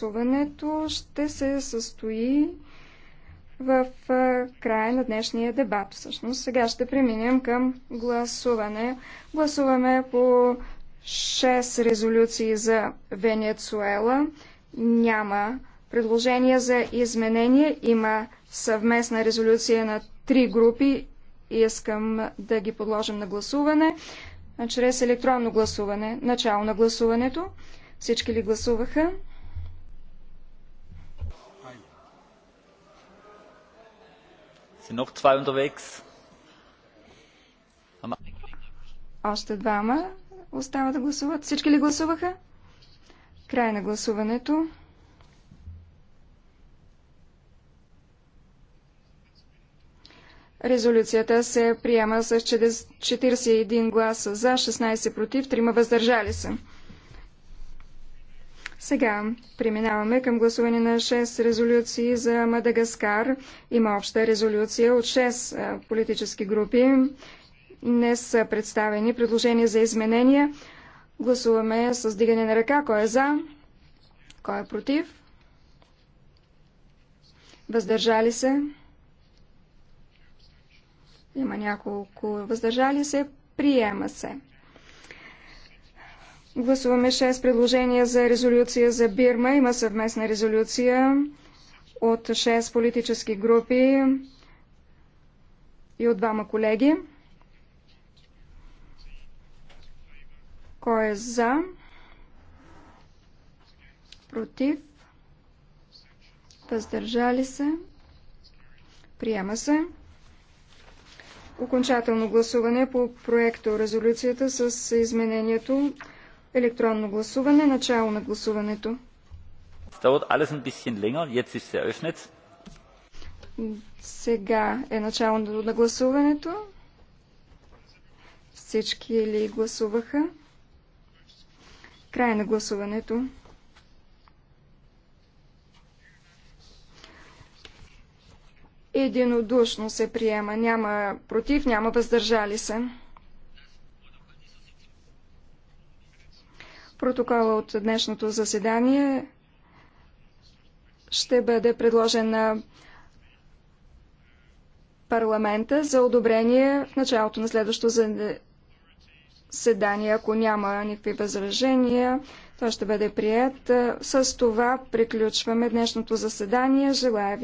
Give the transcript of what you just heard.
Гласуването ще се състои в края на днешния дебат. Всъщност сега ще преминем към гласуване. Гласуваме по 6 резолюции за Венецуела. Няма предложения за изменение. Има съвместна резолюция на три групи. Искам да ги подложим на гласуване чрез електронно гласуване. Начало на гласуването. Всички ли гласуваха? Sind noch zwei unterwegs? Още двама остава да гласуват. Всички ли гласуваха? Край на гласуването. Резолюцията се приема с 41 гласа за, 16 против, 3 въздържали се. Сега преминаваме към гласуване на 6 резолюции за Мадагаскар. Има обща резолюция от 6 политически групи. Не са представени предложения за изменения. Гласуваме с дигане на ръка. Кой е за? Кой е против? Въздържали се? Има няколко въздържали се. Приема се. Гласуваме 6 предложения за резолюция за Бирма. Има съвместна резолюция от 6 политически групи и от двама колеги. Кой е за? Против? Въздържали се? Приема се. Окончателно гласуване по проекто резолюцията с изменението Електронно гласуване. Начало на гласуването. Сега е начало на гласуването. Всички ли гласуваха? Край на гласуването. Единодушно се приема. Няма против, няма въздържали се. Протокола от днешното заседание ще бъде предложен на парламента за одобрение в началото на следващото заседание. Ако няма никакви възражения, той ще бъде прият. С това приключваме днешното заседание. Желая ви